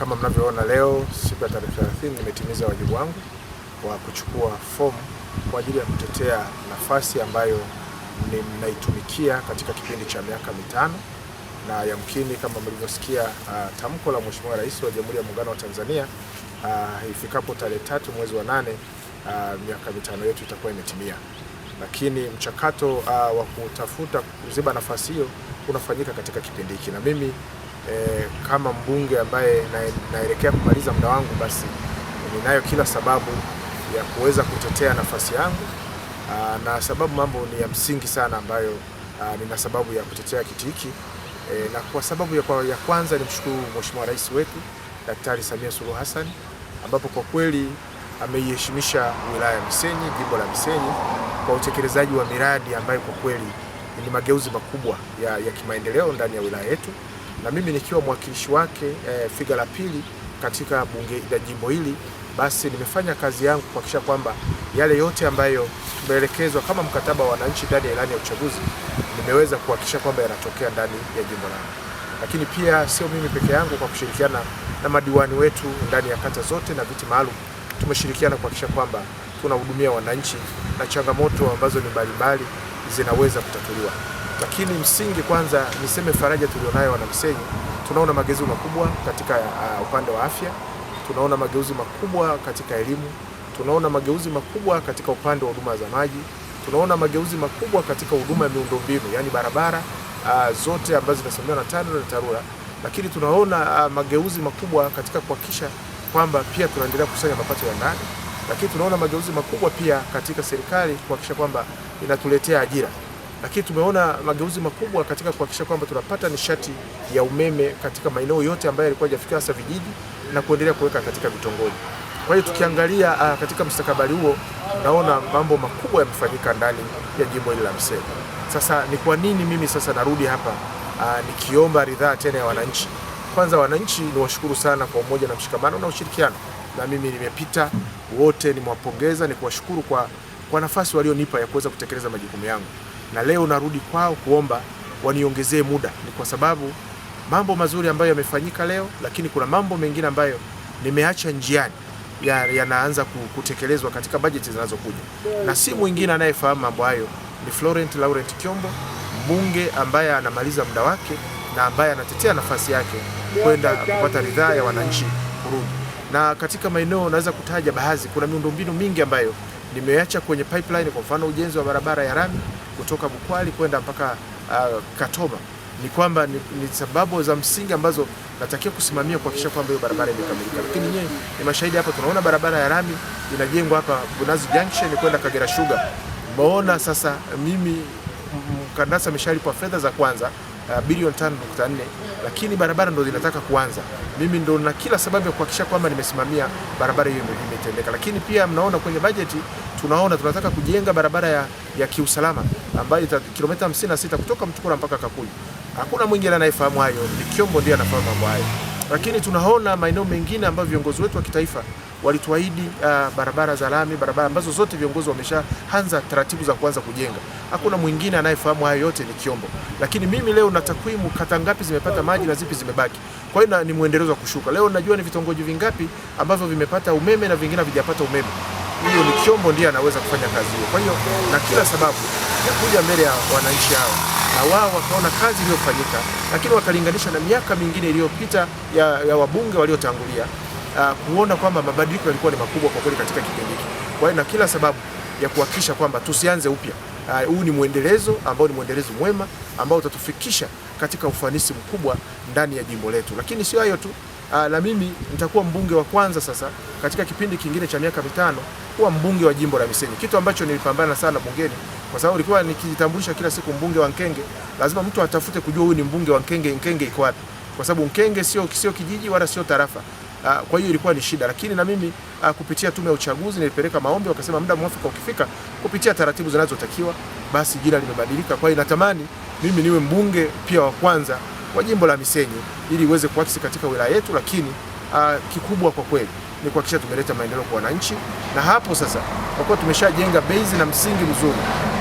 Kama mnavyoona leo, siku ya tarehe 30, nimetimiza wajibu wangu wa kuchukua fomu kwa ajili ya kutetea nafasi ambayo ninaitumikia katika kipindi cha miaka mitano, na yamkini kama mlivyosikia uh, tamko la Mheshimiwa Rais wa Jamhuri ya Muungano wa Tanzania uh, ifikapo tarehe tatu mwezi wa nane uh, miaka mitano yetu itakuwa imetimia lakini mchakato uh, wa kutafuta kuziba nafasi hiyo unafanyika katika kipindi hiki, na mimi eh, kama mbunge ambaye naelekea kumaliza muda wangu, basi ninayo kila sababu ya kuweza kutetea nafasi yangu aa, ah, na sababu mambo ni ya msingi sana ambayo aa, ah, nina sababu ya kutetea kiti hiki e, na kwa sababu ya, kwa, ya kwanza ni mshukuru Mheshimiwa Rais wetu Daktari Samia Suluhu Hassan ambapo kwa kweli ameiheshimisha wilaya ya Misenyi, jimbo la Misenyi kwa utekelezaji wa miradi ambayo kwa kweli ni mageuzi makubwa ya, ya kimaendeleo ndani ya wilaya yetu na mimi nikiwa mwakilishi wake e, figa la pili katika bunge la jimbo hili, basi nimefanya kazi yangu kuhakikisha kwamba yale yote ambayo tumeelekezwa kama mkataba wa wananchi ndani ya ilani ya uchaguzi nimeweza kuhakikisha kwamba yanatokea ndani ya jimbo langu. Lakini pia sio mimi peke yangu, kwa kushirikiana na madiwani wetu ndani ya kata zote na viti maalum tumeshirikiana kuhakikisha kwamba tunahudumia wananchi na changamoto ambazo ni mbalimbali zinaweza kutatuliwa lakini msingi kwanza niseme faraja tulionayo Wanamsenyi, tunaona mageuzi makubwa katika uh, upande wa afya, tunaona mageuzi makubwa katika elimu, tunaona mageuzi makubwa katika upande wa huduma za maji, tunaona mageuzi makubwa katika huduma ya miundombinu, yani barabara uh, zote ambazo zinasimamiwa na tano na TARURA, lakini tunaona uh, mageuzi makubwa katika kuhakikisha kwamba pia tunaendelea kukusanya mapato ya ndani, lakini tunaona mageuzi makubwa pia katika serikali kuhakikisha kwamba inatuletea ajira lakini tumeona mageuzi makubwa katika kuhakikisha kwamba tunapata nishati ya umeme katika maeneo yote ambayo yalikuwa hajafikiwa hasa vijiji na kuendelea kuweka katika vitongoji. Kwa hiyo tukiangalia uh, katika mustakabali huo naona mambo makubwa yamefanyika ndani ya jimbo hili la Msela. Sasa ni kwa nini mimi sasa narudi hapa uh, nikiomba ridhaa tena ya wananchi? Kwanza wananchi ni washukuru sana kwa umoja na mshikamano na ushirikiano, na mimi nimepita wote, nimewapongeza, ni kuwashukuru kwa, kwa nafasi walionipa ya kuweza kutekeleza majukumu yangu na leo narudi kwao kuomba waniongezee muda. Ni kwa sababu mambo mazuri ambayo yamefanyika leo, lakini kuna mambo mengine ambayo nimeacha njiani yanaanza ya kutekelezwa katika bajeti zinazokuja, na si mwingine anayefahamu mambo hayo ni Florent Laurent Kyombo, mbunge ambaye anamaliza muda wake na ambaye anatetea nafasi yake kwenda kupata ridhaa ya wananchi kurudi. Na katika maeneo naweza kutaja baadhi, kuna miundombinu mingi ambayo nimeacha kwenye pipeline, kwa mfano ujenzi wa barabara ya rami kutoka Bukwali kwenda mpaka uh, Katoba ni kwamba ni, ni sababu za msingi ambazo natakiwa kusimamia kuhakikisha kwamba hiyo barabara imekamilika. Lakini nyewe ni mashahidi hapa, tunaona barabara ya rami inajengwa hapa Bunazi Junction kwenda Kagera Sugar. Mbona sasa, mimi mkandasi ameshalipwa fedha za kwanza uh, bilioni 5.4 lakini barabara ndo zinataka kuanza. Mimi ndo na kila sababu ya kuhakikisha kwamba nimesimamia barabara hiyo imetendeka. Lakini pia mnaona kwenye bajeti tunaona tunataka kujenga barabara ya, ya kiusalama ambayo ita kilomita 56 kutoka Mtukula mpaka Kakuyu. Hakuna mwingine anayefahamu hayo, ni Kyombo ndiye anafahamu mambo hayo. Lakini tunaona maeneo mengine ambayo viongozi wetu wa kitaifa walituahidi uh, barabara za lami, barabara ambazo zote viongozi wameshaanza taratibu za kuanza kujenga. Hakuna mwingine anayefahamu hayo yote ni Kiombo, lakini mimi leo na takwimu kata ngapi zimepata maji na zipi zimebaki. Kwa hiyo ni mwendelezo wa kushuka. Leo najua ni vitongoji vingapi ambavyo vimepata umeme na vingine havijapata umeme huyo ni chombo ndiye anaweza kufanya kazi hiyo. Kwa hiyo na kila sababu ya kuja mbele ya wananchi hao, na wao wakaona kazi iliyofanyika, lakini wakalinganisha na miaka mingine iliyopita ya, ya wabunge waliotangulia uh, kuona kwamba mabadiliko yalikuwa ni makubwa kwa kweli katika kipindi hiki. Kwa hiyo na kila sababu ya kuhakikisha kwamba tusianze upya ah, huu uh, ni mwendelezo ambao ni mwendelezo mwema ambao utatufikisha katika ufanisi mkubwa ndani ya jimbo letu, lakini sio hayo tu aa, ah, na mimi nitakuwa mbunge wa kwanza sasa katika kipindi kingine cha miaka mitano kuwa mbunge wa jimbo la Misenyi, kitu ambacho nilipambana sana bungeni, kwa sababu nilikuwa nikijitambulisha kila siku mbunge wa Nkenge. Lazima mtu atafute kujua huyu ni mbunge wa Nkenge, Nkenge iko wapi, kwa sababu Nkenge sio sio kijiji wala sio tarafa. Ah, kwa hiyo ilikuwa ni shida, lakini na mimi ah, kupitia tume ya uchaguzi nilipeleka maombi, wakasema muda mwafaka ukifika, kupitia taratibu zinazotakiwa, basi jina limebadilika. Kwa hiyo natamani mimi niwe mbunge pia wa kwanza wa jimbo la Misenyi ili iweze kuakisi katika wilaya yetu, lakini uh, kikubwa kwa kweli ni kuhakikisha tumeleta maendeleo kwa wananchi, na hapo sasa, kwa kuwa tumeshajenga base na msingi mzuri,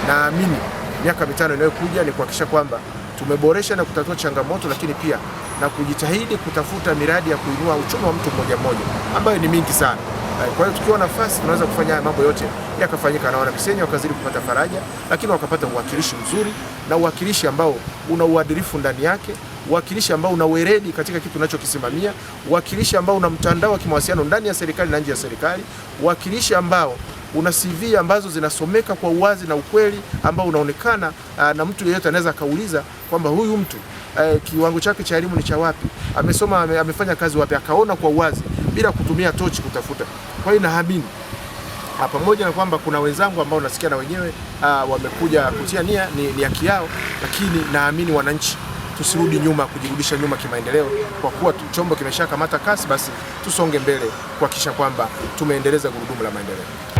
naamini miaka mitano inayokuja ni kuhakikisha kwamba tumeboresha na kutatua changamoto, lakini pia na kujitahidi kutafuta miradi ya kuinua uchumi wa mtu mmoja mmoja ambayo ni mingi sana. Eh, kwa hiyo tukiwa nafasi tunaweza kufanya mambo yote yakafanyika, na wana Misenyi wakazidi kupata faraja, lakini wakapata uwakilishi mzuri na uwakilishi ambao una uadilifu ndani yake uwakilishi ambao una weredi katika kitu unachokisimamia, uwakilishi ambao una mtandao wa kimawasiliano ndani ya serikali na nje ya serikali, uwakilishi ambao una CV ambazo zinasomeka kwa uwazi na ukweli ambao unaonekana ah, na mtu yeyote anaweza akauliza kwamba huyu mtu eh, kiwango chake cha elimu ni cha wapi, amesoma ame, amefanya kazi wapi, akaona kwa uwazi bila kutumia tochi kutafuta. Kwa hiyo naamini ah, pamoja na kwamba kuna wenzangu ambao nasikia na wenyewe ah, wamekuja kutia nia, ni haki yao, lakini naamini wananchi tusirudi nyuma kujirudisha nyuma kimaendeleo, kwa kuwa chombo kimeshakamata kasi, basi tusonge mbele kuhakikisha kwamba tumeendeleza gurudumu la maendeleo.